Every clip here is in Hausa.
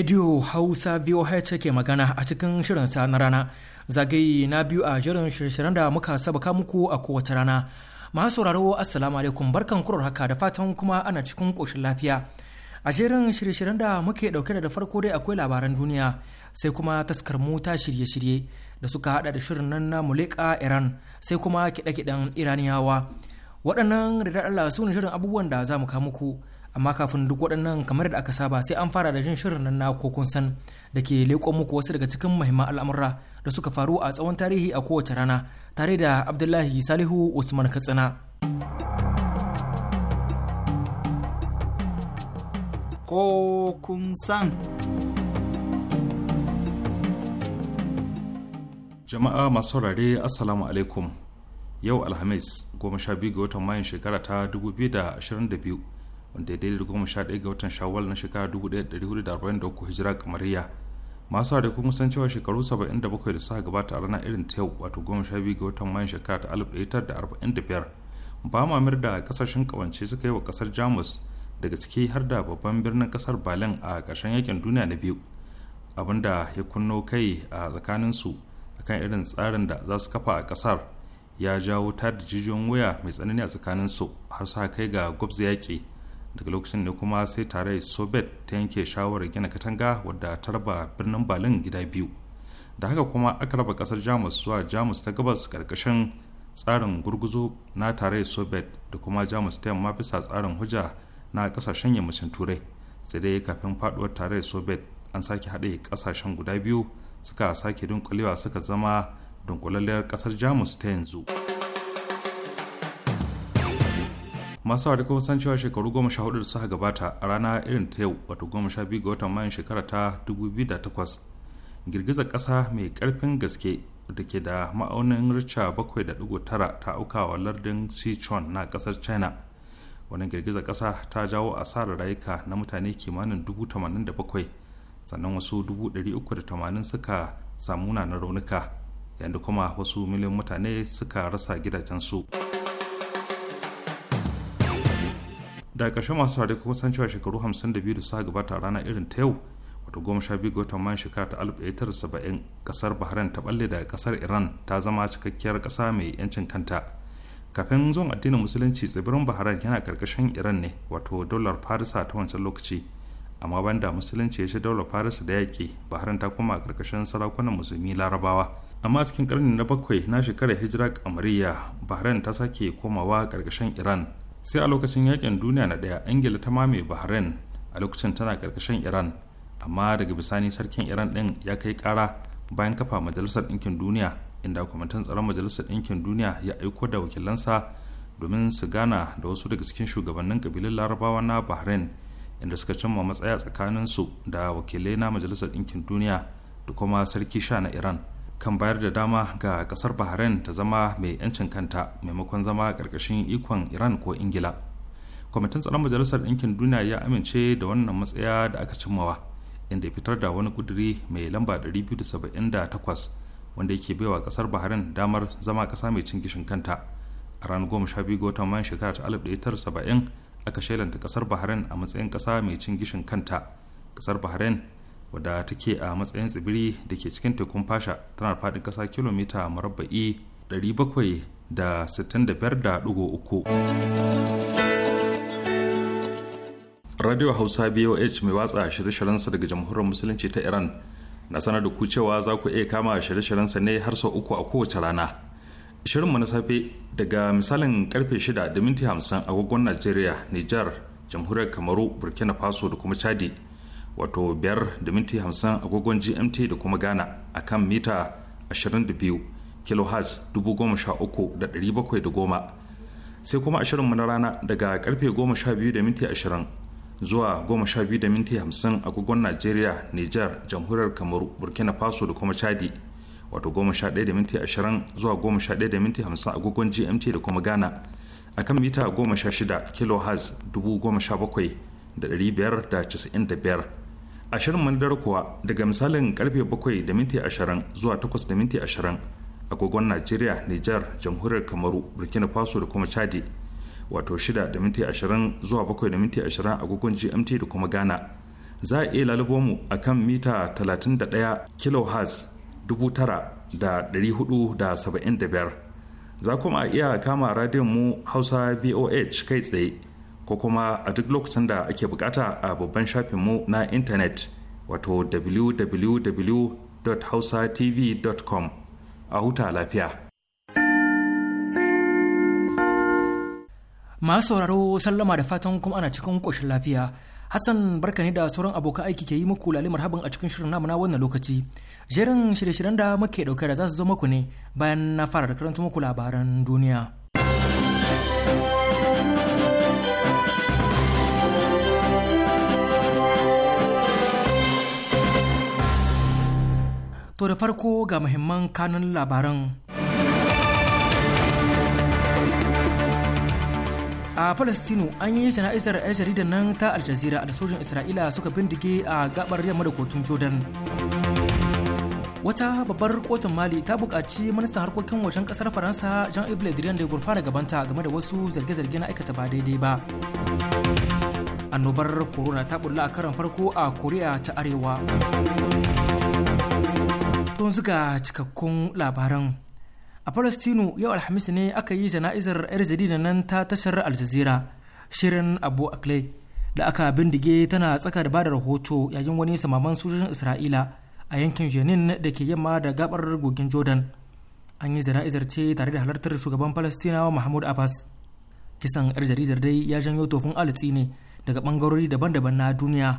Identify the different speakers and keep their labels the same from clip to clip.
Speaker 1: Radio Hausa VOH ke magana a cikin shirin sa na rana. Zagaye na biyu a jirin shirye-shiryen da muka sabaka muku a kowace rana. Masu sauraro Assalamu alaikum barkan kurar haka da fatan kuma ana cikin koshin lafiya. A jerin shirye-shiryen da muke dauke da farko dai akwai labaran duniya sai kuma taskar mota shirye-shirye da suka hada da shirin nan na Muleka Iran sai kuma kiɗe-kiɗen Iraniyawa. Waɗannan da Allah su ne shirin abubuwan da za mu kawo muku amma kafin duk waɗannan kamar da aka saba sai an fara da jin shirin nan na ko kun san da ke leƙo muku wasu daga cikin muhimman al'amura da suka faru a tsawon tarihi a kowace rana tare da abdullahi salihu usman katsina
Speaker 2: kokun san
Speaker 3: jama'a masu saurare assalamu alaikum yau alhamis goma sha biyu ga watan mayan shekara ta 2022 wanda ya daidai goma sha ɗaya ga watan shawwal na shekara 1443 hijira kamariya masu da kuma san cewa shekaru 77 da suka gabata a ranar irin ta yau wato goma sha biyu ga watan mayan shekara ta 1945 ba mamir da kasashen kawance suka yi wa kasar jamus daga ciki har da babban birnin kasar berlin a ƙarshen yakin duniya na biyu abinda ya kunno kai a tsakaninsu akan irin tsarin da za su kafa a kasar ya jawo tada da jijiyoyin wuya mai tsanani a su har sa kai ga gwabza yaƙi daga lokacin ne kuma sai tare sobet ta yanke shawarar gina katanga wadda ta raba birnin berlin gida biyu da haka kuma aka raba kasar jamus zuwa jamus ta gabas karkashin tsarin gurguzu na tare sobet da kuma jamus ta yamma bisa tsarin hujja na kasashen yammacin turai sai dai kafin faduwar tare sobet an sake haɗe kasashen guda biyu suka sake dunkulewa suka zama dunkulalliyar kasar jamus ta yanzu. masu saurari kuma san cewa shekaru goma sha hudu da suka gabata a rana irin ta yau wato goma sha biyu ga watan mayan shekara ta dubu biyu da takwas girgizar kasa mai karfin gaske da ke da ma'aunin richa bakwai da dugu tara ta wa lardin sichuan na kasar china wani girgizar kasa ta jawo asarar rayuka na mutane kimanin dubu tamanin da bakwai sannan wasu dubu dari uku da tamanin suka samu na raunuka yadda kuma wasu miliyan mutane suka rasa gidajensu. su da ƙarshe masu saurari kuma san cewa shekaru 52 da suka gabata a rana irin ta yau wato goma sha biyu ga watan mayan shekara ta 1970 kasar bahrain ta balle daga kasar iran ta zama cikakkiyar ƙasa mai yancin kanta kafin zuwan addinin musulunci tsibirin bahrain yana karkashin iran ne wato daular farisa ta wancan lokaci amma banda musulunci ya shi daular farisa da yaƙi bahrain ta koma karkashin sarakunan musulmi larabawa amma cikin karni na bakwai na shekarar hijira kamariya bahrain ta sake komawa karkashin iran sai a lokacin yakin duniya na daya ingila ta mame bahrain a lokacin tana karkashin iran amma daga bisani sarkin iran din ya kai kara bayan kafa majalisar ɗinkin duniya inda kwamitin tsaron majalisar ɗinkin duniya ya aiko da wakilansa domin su gana da wasu daga cikin shugabannin kabilun larabawa na bahrain inda suka cimma matsaya tsakaninsu da wakilai na majalisar ɗinkin duniya da kuma sarki sha na iran kan bayar da dama ga kasar bahrain ta zama mai 'yancin kanta maimakon zama karkashin ikon iran ko ingila kwamitin tsaron majalisar ɗinkin duniya ya amince da wannan matsaya da aka cimmawa inda ya fitar da wani kuduri mai lamba 278 wanda yake baiwa kasar bahrain damar zama ƙasa mai cin gishin kanta a ranar goma sha ga mayan shekara ta 1970 aka shailanta kasar bahrain a matsayin ƙasa mai cin gishin kanta kasar bahrain wadda ke a matsayin tsibiri da ke cikin tekun fasha tana faɗin ƙasa kilomita marabba'i 765.3 radio hausa boh mai watsa shirye-shiryensa daga jamhuriyar musulunci ta iran na sanar da ku cewa za ku iya kama shirye-shiryensa ne har sau uku a kowace rana shirinmu na safe daga misalin karfe 6 da minti 50 agogon najeriya niger jamhuriyar kamaru burkina faso da kuma chadi wato 5 da minti 50 agogon gmt da kuma ghana a kan mita 22 kilohertz 13710 sai kuma ashirinmu na rana daga karfe 12 da minti 20 zuwa 12 da minti 50 agogon nigeria niger jamhuriyar kamaru burkina faso da kuma chadi wato 11 da minti 20 zuwa 11 da minti 50 agogon gmt da kuma ghana a kan mita 16 kilohertz 17595 ashirin mandar kuwa daga misalin karfe 7 da minti 20 zuwa 8 da minti 20 agogon najeriya niger jamhuriyar kamaru burkina faso da kuma chadi wato 6 da minti 20 zuwa 7 da minti 20 agogon gmt da kuma ghana za a iya lalubo mu a kan mita 31 kilohertz 9475 za kuma a iya kama radiyon mu hausa voh kai tsaye ko kuma a duk lokacin da ake bukata a babban shafinmu na intanet wato www.hausatv.com a huta lafiya.
Speaker 1: Masu sauraro sallama da fatan kuma ana cikin koshin lafiya. Hassan barka ne da sauran abokan aiki ke yi muku lalimar habin a cikin shirin namu na wannan lokaci. Jerin shirye-shiryen da muke dauke da za su zo muku ne bayan na fara da karanta muku labaran duniya. To da farko ga muhimman kanun labaran. A Falastinu an yi jana'izar 'yan jaridar nan ta Al da sojin Isra'ila suka bindige a gabar yamma da kotun Jordan. Wata babbar kotun Mali ta buƙaci ministan harkokin wajen ƙasar Faransa Jean-Yves Le Drian da gurfana gabanta game da wasu zarge-zarge na aikata ba daidai ba. Annobar corona ta bulla a karon farko a Koriya ta Arewa. don zuka cikakkun labaran a palestino yau alhamis ne aka yi jana'izar 'yar jarida nan ta tashar aljazira shirin abu aklai da aka bindige tana tsakar ba da rahoto yayin wani samaman sojojin isra'ila a yankin jenin da ke yamma da gabar gogin jordan an yi jana'izar ce tare da halartar shugaban palestinawa mahmud abbas kisan yar jaridar dai ya janyo tofin alitsi ne daga bangarori daban-daban na duniya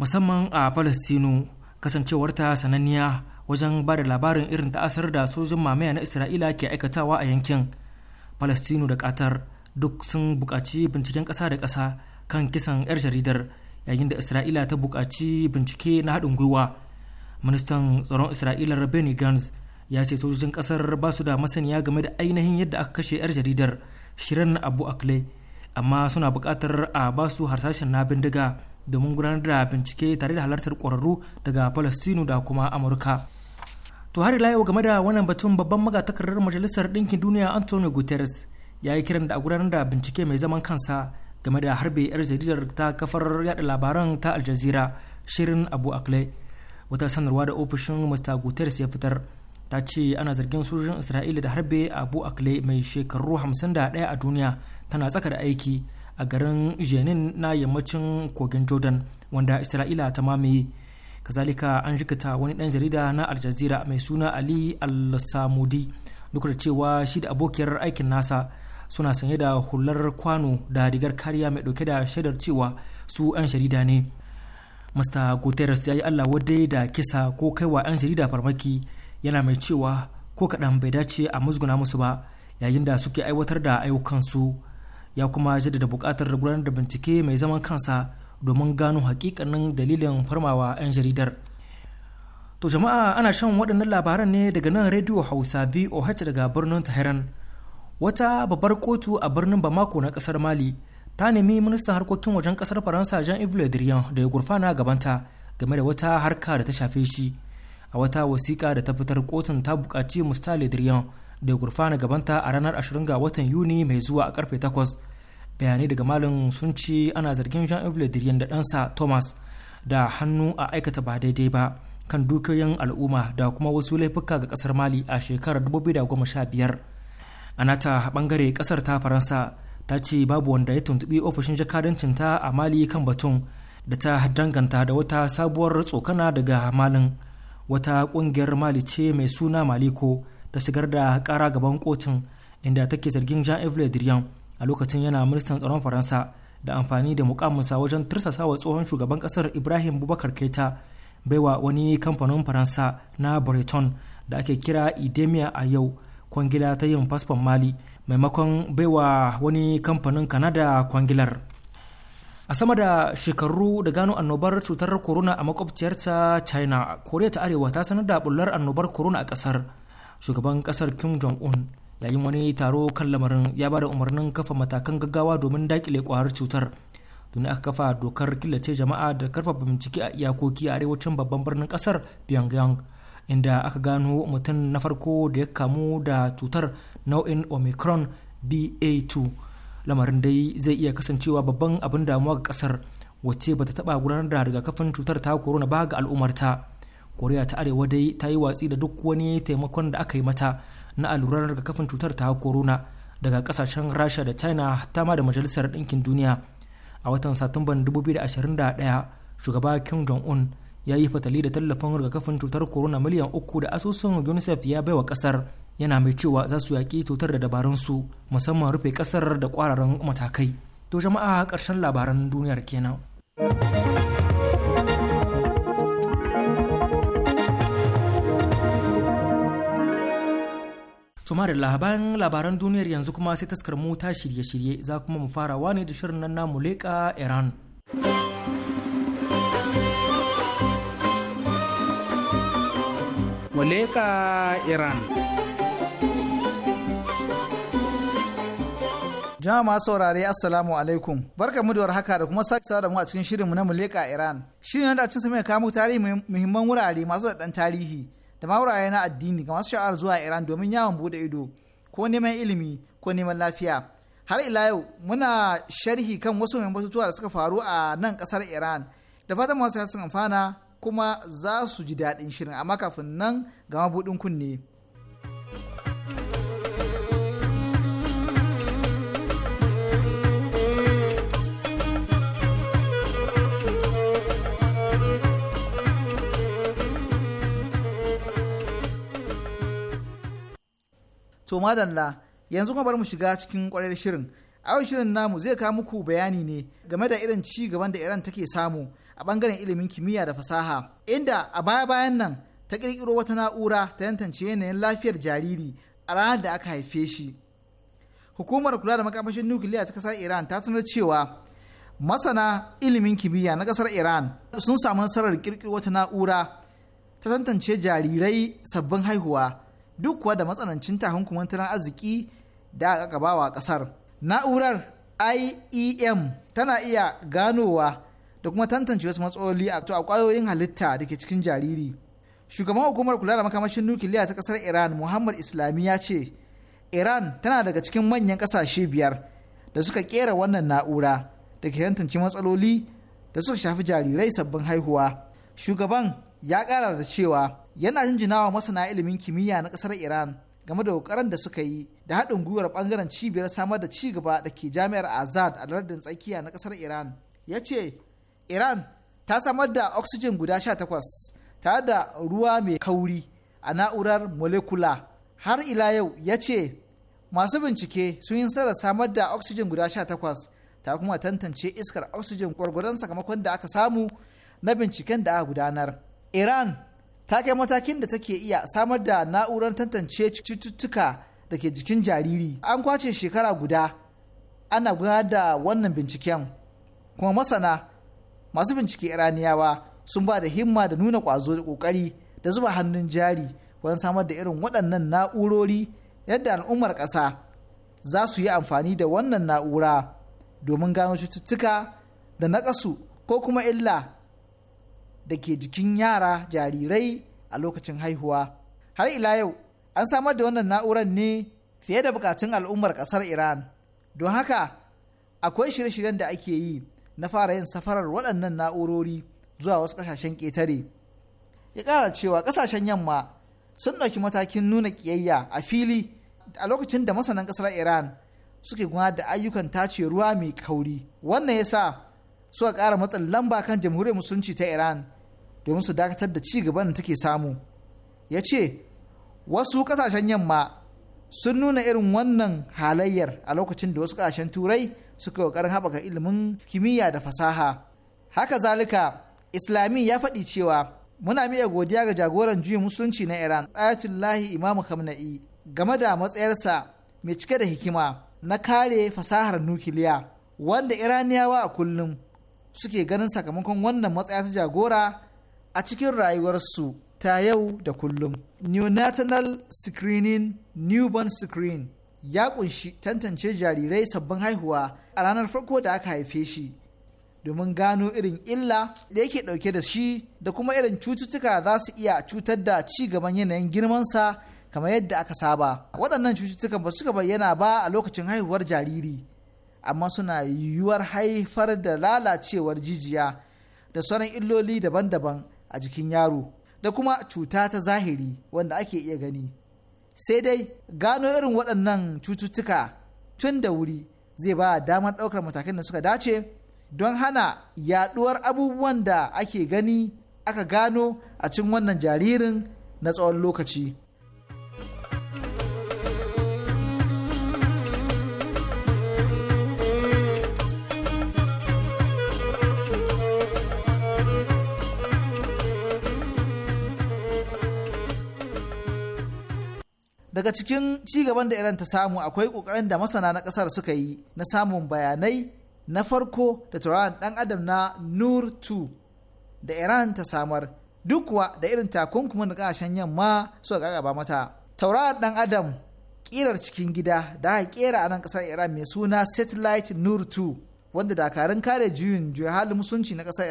Speaker 1: musamman a palestino kasancewarta sananniya wajen ba da labarin irin ta'asar da sojin mamaya na isra'ila ke aikatawa a yankin palestino da qatar duk sun bukaci binciken ƙasa da ƙasa kan kisan 'yar jaridar yayin da isra'ila ta bukaci bincike na haɗin gwiwa ministan tsaron isra'ila benny gans ya ce sojojin ƙasar ba su da masaniya game da ainihin yadda aka kashe 'yar jaridar shirin abu akle amma suna bukatar a ba su harsashen na bindiga domin gudanar da bincike tare da halartar kwararru daga palestinu da kuma amurka to har ila yau game da wannan batun babban magatakardar majalisar ɗinkin duniya antonio guterres ya yi kiran da a gudanar da bincike mai zaman kansa game da harbe yar jaridar ta kafar yada labaran ta al jazeera shirin abu akle wata sanarwa da ofishin mr guterres ya fitar ta ce ana zargin sojojin isra'ila da harbe abu akle mai shekaru hamsin da 51 a duniya tana tsaka da aiki a garin jenin na yammacin kogin jordan wanda isra'ila ta mamaye kazalika an rikita wani dan jarida na aljazira mai suna ali al-samudi duk da cewa shi da abokiyar aikin nasa suna sanye da hular kwano da rigar kariya mai ɗauke da shaidar cewa su 'yan jarida ne mr guterres ya yi allah wadai da kisa ko kaiwa 'yan jarida farmaki yana mai cewa ko kaɗan bai dace a musguna musu ba yayin da suke aiwatar da ayyukansu ya kuma jaddada buƙatar gudanar da bincike mai zaman kansa domin gano hakikanin dalilin farmawa 'yan jaridar to jama'a ana shan waɗannan labaran ne daga nan rediyo hausa voh daga birnin Tahiran. wata babbar kotu a birnin bamako na ƙasar mali ta nemi ministan harkokin wajen ƙasar faransa jean-yves le drian da ya gurfana gabanta game da wata harka da ta shafe shi a wata wasiƙa da ta fitar kotun ta buƙaci musta le drian da ya gurfana gabanta a ranar 20 ga watan yuni mai zuwa a karfe 8 bayanai daga malin sun ci ana zargin jean yves da ɗansa thomas da hannu a aikata ba daidai ba kan dukiyoyin al'umma da kuma wasu laifuka ga kasar mali a shekarar 2015 a nata bangare ƙasar ta faransa ta ce babu wanda ya tuntubi ofishin jakadancin ta a mali kan batun da ta danganta da wata sabuwar tsokana daga malin wata kungiyar mali ce mai suna maliko ta shigar da kara gaban kotun inda take zargin jean yves a lokacin yana ministan tsaron faransa da amfani da mukaminsa wajen tursasawa tsohon shugaban kasar ibrahim bubakar keta baiwa wani kamfanin faransa na breton da ake kira idemia a yau kwangila ta yin fasfon mali maimakon baiwa wani kamfanin kanada kwangilar a sama da shekaru da gano annobar cutar corona a makwabciyarta china korea ta arewa ta sanar da bullar annobar corona a kasar shugaban kasar kim jong-un yayin wani taro kan lamarin ya ba da umarnin kafa matakan gaggawa domin dakile kwayar cutar don aka kafa dokar killace jama'a da karfafa bincike a iyakoki a arewacin babban birnin kasar pyongyang inda aka gano mutum na farko da ya kamu da cutar nau'in omicron ba2 lamarin dai zai iya kasancewa babban abin damuwa ga kasar wacce bata taba gudanar da rigakafin cutar ta corona ba ga al'ummarta koriya ta arewa dai ta yi watsi da duk wani taimakon da aka yi mata na allurar rigakafin cutar ta corona daga kasashen rasha da china ta ma da majalisar ɗinkin duniya a watan satumban 2021 shugaba kim jong-un ya yi fatali da tallafin rigakafin cutar corona miliyan uku da asusun unicef ya baiwa kasar yana mai cewa za su yaƙi cutar da dabarun su musamman rufe kasar da kwararan matakai to jama'a ƙarshen labaran duniyar kenan. Tumar da labaran duniyar yanzu kuma sai taskar mota ta shirye-shirye za kuma mu fara ne da shirin nan namu leƙa Iran.
Speaker 2: Muleka Iran. Jama'a masu saurare Assalamu alaikum. Barka mu da haka da kuma sake da mu a cikin shirinmu na Muleka Iran. Shirin yadda sa mai kawo tarihi muhimman wurare masu da tarihi da wurare na addini ga masu sha'awar zuwa Iran domin yawon bude ido ko neman ilimi ko neman lafiya. Har ila yau muna sharhi kan wasu mai batutuwa da suka faru a nan kasar Iran da fatan masu sun amfana kuma za su ji daɗin shirin amma kafin nan ga mabuɗin kunne. to madalla yanzu kuma bar mu shiga cikin kwarar shirin a yau shirin namu zai kawo muku bayani ne game da irin ci gaban da iran take samu a bangaren ilimin kimiyya da fasaha inda a baya bayan nan ta kirkiro wata na'ura ta tantance yanayin lafiyar jariri a ranar da aka haife shi hukumar kula da makamashin nukiliya ta kasar iran ta sanar cewa masana ilimin kimiyya na kasar iran sun samu nasarar kirkiro wata na'ura ta tantance jarirai sabbin haihuwa duk kuwa da matsanancin tahunkuman tattalin arziki da aka gabawa kasar na'urar iem tana iya ganowa da kuma tantance wasu matsaloli a kwayoyin halitta da ke cikin jariri shugaban hukumar kula da makamashin nukiliya ta kasar iran muhammad islami ya ce iran tana daga cikin manyan kasashe biyar da suka kera wannan na'ura da ke tantance matsaloli da suka shafi jarirai sabbin haihuwa shugaban ya kara da cewa yana jinjinawa masana ilimin kimiyya na kasar iran game da kokarin da suka yi da haɗin gwiwar ɓangaren cibiyar samar da ci gaba da ke jami'ar azad a lardin tsakiya na kasar iran ya ce iran ta samar da oxygen guda 18 tare da ruwa mai kauri a na'urar molekula har ila yau ya ce masu bincike sun yi sarar samar da oxygen guda 18 ta kuma tantance iskar oxygen gwargwadon sakamakon da aka samu na binciken da aka gudanar iran ta kai matakin da take iya samar da na'urar tantance cututtuka da ke jikin jariri an kwace shekara guda ana gudanar da wannan binciken kuma masana masu bincike iraniyawa sun ba da himma da nuna kwazo da kokari da zuba hannun jari wajen samar da irin waɗannan na'urori yadda al'ummar ƙasa za su yi amfani da wannan na'ura domin gano cututtuka da naƙasu ko kuma illa da ke jikin yara jarirai a lokacin haihuwa har ila yau an samar da wannan na'urar ne fiye da bukatun al'ummar kasar iran don haka akwai shirye-shiryen da ake yi na fara yin safarar waɗannan na'urori zuwa wasu ƙasashen ƙetare ya ƙara cewa ƙasashen yamma sun ɗauki matakin nuna ƙiyayya a fili a lokacin da masanan ƙasar iran suke gudanar da ayyukan tace ruwa mai kauri wannan ya sa suka ƙara matsin lamba kan jamhuriyar musulunci ta iran domin su dakatar da ci gaban da take samu ya ce wasu kasashen yamma sun nuna irin wannan halayyar a lokacin da wasu kasashen turai suka kokarin haɓaka ilimin kimiyya da fasaha haka zalika islami ya faɗi cewa muna miya godiya ga jagoran juyin musulunci na iran ayatullahi imamu kamna'i game da matsayarsa mai cike da hikima na kare fasahar nukiliya wanda iraniyawa a kullum suke ganin sakamakon wannan matsaya ta jagora a cikin rayuwarsu ta yau da kullum. Neonatal Screening Newborn Screen ya kunshi tantance jarirai sabbin haihuwa a ranar farko da aka haife shi domin gano irin illa da yake ɗauke da shi da kuma irin cututtuka za su iya cutar da ci gaban yanayin girmansa kamar yadda aka saba. Waɗannan cututtukan ba suka bayyana ba a lokacin haihuwar jariri, amma suna yiwuwar haifar da lalacewar jijiya da sauran illoli daban-daban. a jikin yaro da kuma cuta ta zahiri wanda ake iya gani sai dai gano irin waɗannan cututtuka tun da wuri zai ba damar ɗaukar matakan da suka dace don hana yaɗuwar abubuwan da ake gani aka gano a cikin wannan jaririn na tsawon lokaci daga cikin cigaban da iran ta samu akwai kokarin da masana na kasar suka yi na samun bayanai na farko da turan dan adam na nur 2 da iran ta samar duk da irin takunkumin da kashen yamma suka ƙaƙaba mata tauraron dan adam kirar cikin gida da aka kera a nan ƙasar iran mai suna satellite nur 2 wanda dakarun kare juyin juya halin musulunci na kasar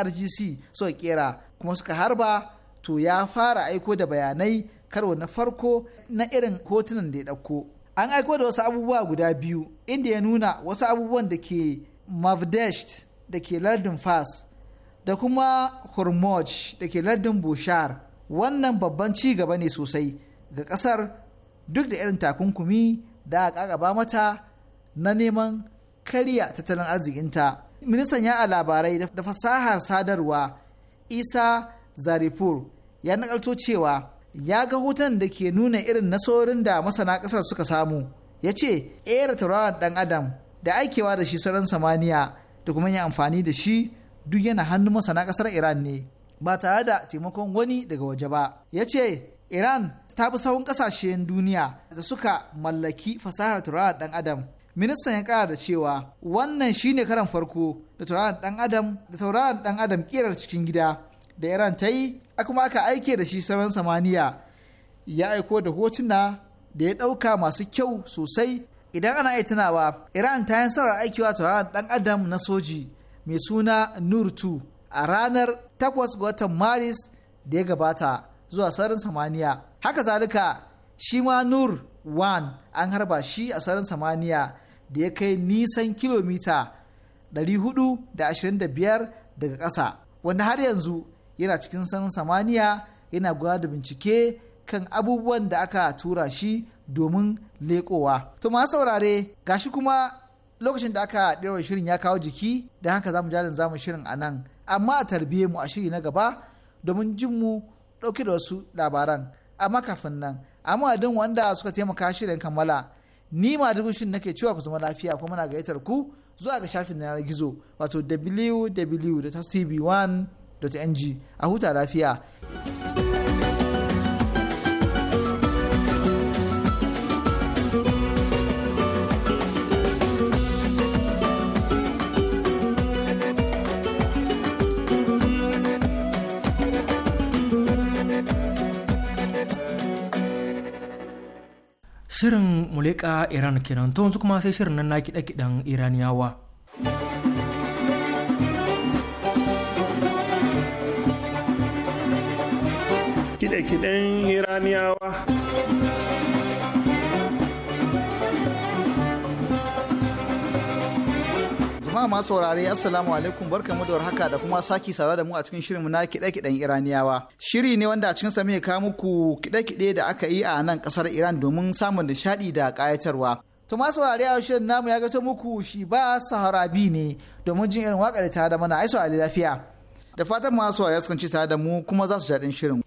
Speaker 2: irgc suka kera kuma suka harba to ya fara aiko da bayanai karo na farko na irin hotunan da ya ɗauko an aiko da wasu abubuwa guda biyu inda ya nuna wasu abubuwan da ke mavdesht da ke lardin fas da kuma hormoj da ke lardin bushar wannan babban ci gaba ne sosai ga ƙasar duk da irin takunkumi da aka ƙaƙaba mata na neman karya tattalin arzikinta ministan ya labarai da fasahar sadarwa isa Zaripur ya nakalto cewa ya ga hoton da ke nuna irin nasorin da masana kasar suka samu ya ce era tauraron ɗan adam da aikewa da shi sauran samaniya da kuma yi amfani da shi duk yana hannun masana kasar iran ne ba tare da taimakon wani daga waje ba ya ce iran ta fi sahun ƙasashen duniya da suka mallaki fasahar tauraron ɗan adam ministan ya kara da cewa wannan shine karan farko da tauraron ɗan adam da tauraron ɗan adam ƙirar cikin gida da iran ta yi kuma aka aike da shi sauran samaniya ya aiko da hotuna da ya ɗauka masu kyau sosai idan ana iya tunawa iran ta yi sarar aikiwa tauraron ɗan adam na soji mai suna nur 2 a ranar 8 ga watan maris da ya gabata zuwa sararin samaniya haka zalika shi ma nur 1 an harba shi a sararin samaniya da ya kai nisan kilomita 425 daga ƙasa wanda har yanzu yana cikin sanin samaniya yana gudanar da bincike kan abubuwan da aka tura shi domin lekowa To ma saurare gashi kuma lokacin da aka ɗaura shirin ya kawo jiki da haka zamu jalin zamu shirin a nan amma a tarbiye mu a shiri na gaba domin jin mu ɗauke da wasu labaran amma kafin nan amma din wanda suka taimaka shirin kammala ni ma shin nake cewa ku zama lafiya kuma muna gayyatar ku zuwa ga shafin yanar gizo wato www.tcb1 ng a huta lafiya.
Speaker 1: Shirin Muleka Iran kenan to yanzu kuma sai shirin nan na kiɗe-kiɗen Iraniyawa.
Speaker 4: kiɗan iraniyawa
Speaker 2: jama'a masu saurare assalamu alaikum mu da haka da kuma saki sara da mu a cikin shirinmu na kiɗe-kiɗen iraniyawa shiri ne wanda a cikin sa muke kawo muku kiɗe-kiɗe da aka yi a nan kasar iran domin samun nishaɗi da kayatarwa. to masu saurare a shirin namu ya gato muku shi ba saharabi ne domin jin irin waƙar ta da mana aiso ali lafiya da fatan masu saurare sun ci tare da mu kuma za su jaɗin shirin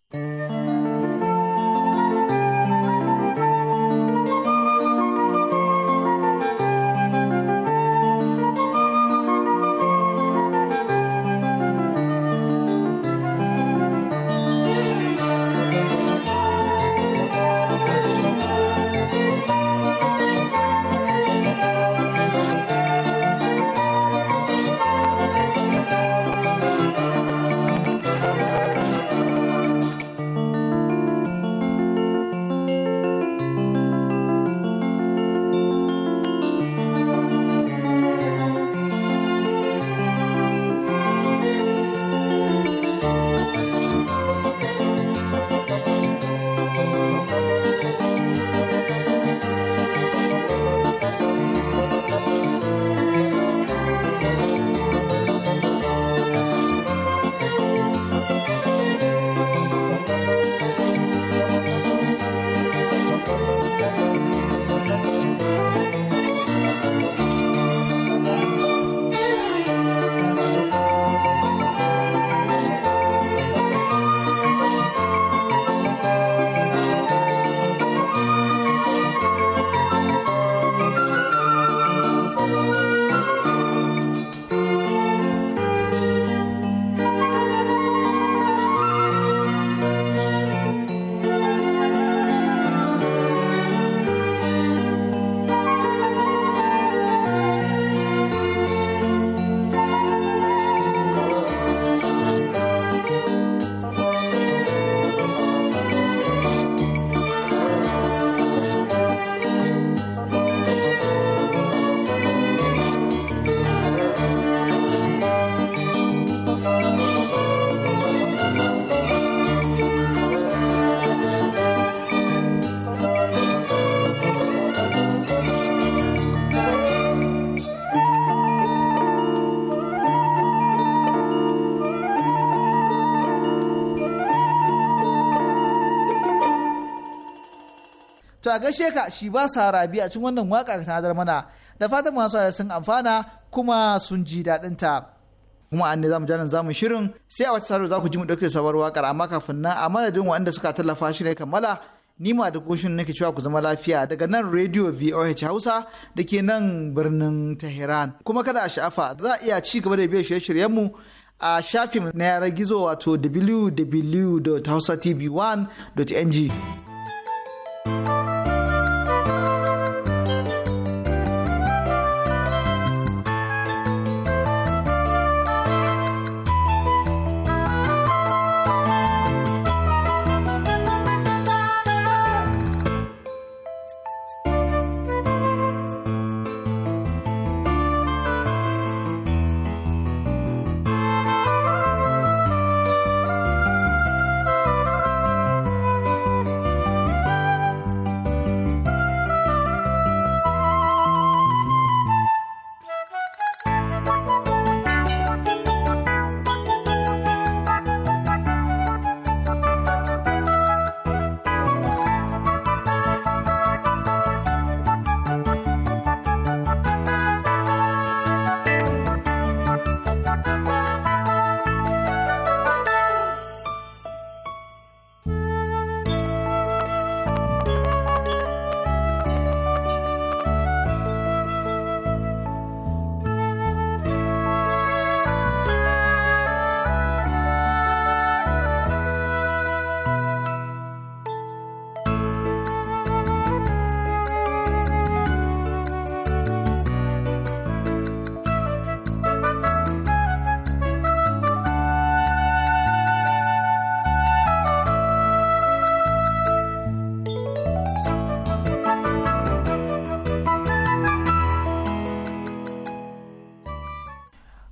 Speaker 2: to a gaishe ka shi ba sa rabi a cikin wannan waka ta tanadar mana da fatan masu da sun amfana kuma sun ji daɗin ta kuma an ne zamu janin zamu shirin sai a wata sarar za ku ji mu dauke sabar wakar amma kafin nan a madadin waɗanda suka tallafa shi ne kammala ni ma da goshin nake cewa ku zama lafiya daga nan radio VOH Hausa da ke nan birnin Tehran kuma kada a sha'afa za a iya ci gaba da biyan shirye mu a shafin na yara gizo wato www.hausatv1.ng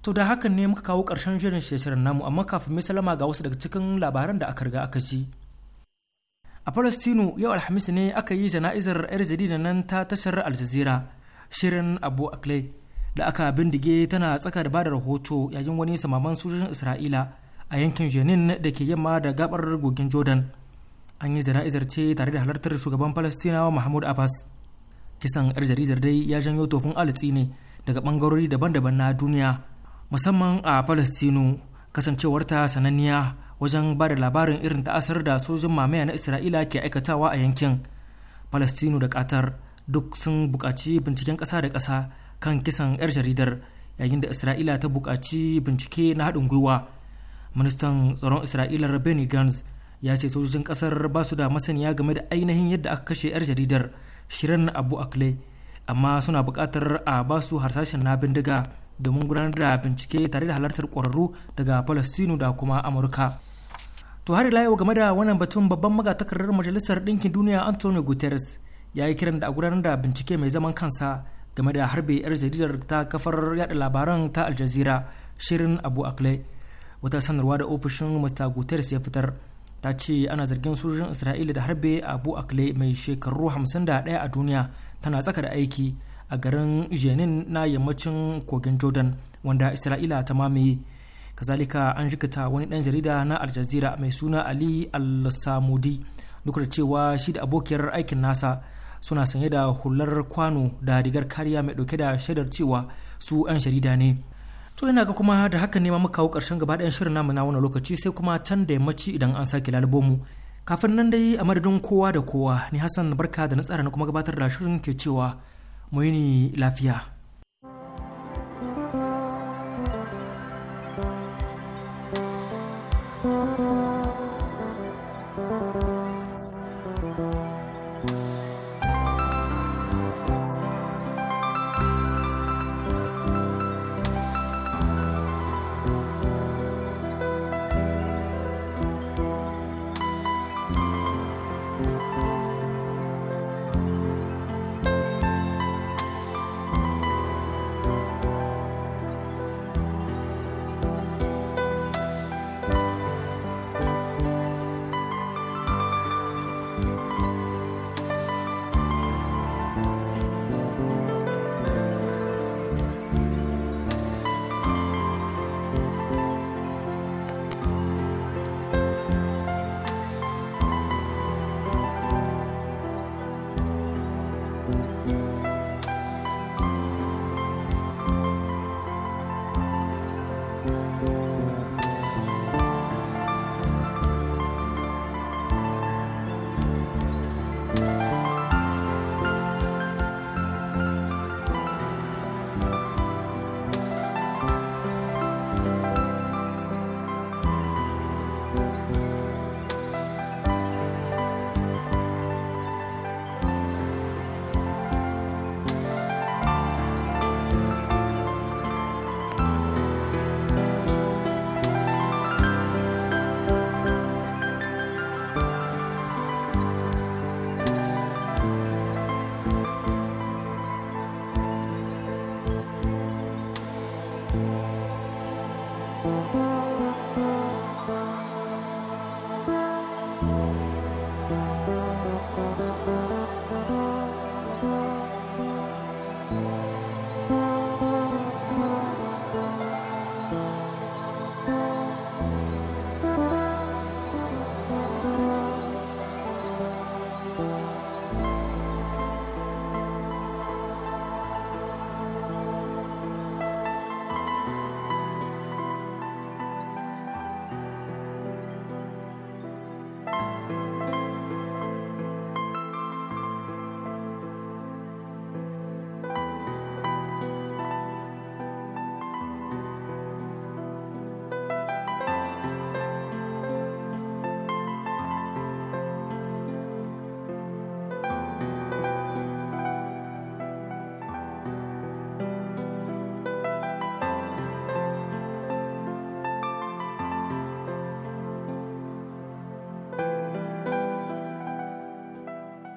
Speaker 1: To da hakan ne muka kawo ƙarshen shirin shirin namu amma kafin mai salama ga wasu daga cikin labaran da aka riga aka ci. A Falastinu yau Alhamis ne aka yi jana'izar 'yar jarida nan ta tashar Al Jazeera shirin Abu Akle da aka bindige tana tsaka da bada rahoto yayin wani samaman sojojin Isra'ila a yankin Jenin da ke yamma da gabar gogin Jordan. An yi jana'izar ce tare da halartar shugaban Falastinawa Mahmud Abbas. Kisan 'yar jaridar dai ya janyo tofin alitsi ne daga bangarori daban-daban na duniya musamman a palestino kasancewarta sananniya wajen ba da labarin irin ta'asar da sojin mamaya na isra'ila ke aikatawa a yankin palestino da qatar duk sun bukaci binciken ƙasa da ƙasa kan kisan 'yar jaridar yayin da isra'ila ta bukaci bincike na haɗin gwiwa ministan tsaron isra'ila benny gans ya ce sojojin ƙasar ba su da masaniya game da ainihin yadda aka kashe 'yar jaridar shirin abu akle amma suna buƙatar a ba su harsashen na bindiga domin gudanar da bincike tare da halartar kwararru daga palestinu da kuma amurka to har ila yau game da wannan batun babban magatakardar majalisar ɗinkin duniya antonio guterres ya yi kiran da a gudanar da bincike mai zaman kansa game da harbe yar jaridar ta kafar yada labaran ta al shirin abu akle wata sanarwa da ofishin mr guterres ya fitar ta ce ana zargin sojojin isra'ila da harbe abu akle mai shekaru 51 a duniya tana tsaka da aiki a garin jenin na yammacin kogin jordan wanda isra'ila ta mamaye kazalika an rikita wani dan jarida na aljazira mai suna ali al-samudi duk da cewa shi da abokiyar aikin nasa suna sanye da hular kwano da rigar kariya mai dauke da shaidar cewa su 'yan jarida ne to ina ga kuma da haka ne ma muka kawo karshen gaba ɗayan shirin namu na wani lokaci sai kuma can da yammaci idan an sake lalubo kafin nan dai a madadin kowa da kowa ni hassan barka da na tsara na kuma gabatar da shirin ke cewa ni la vía.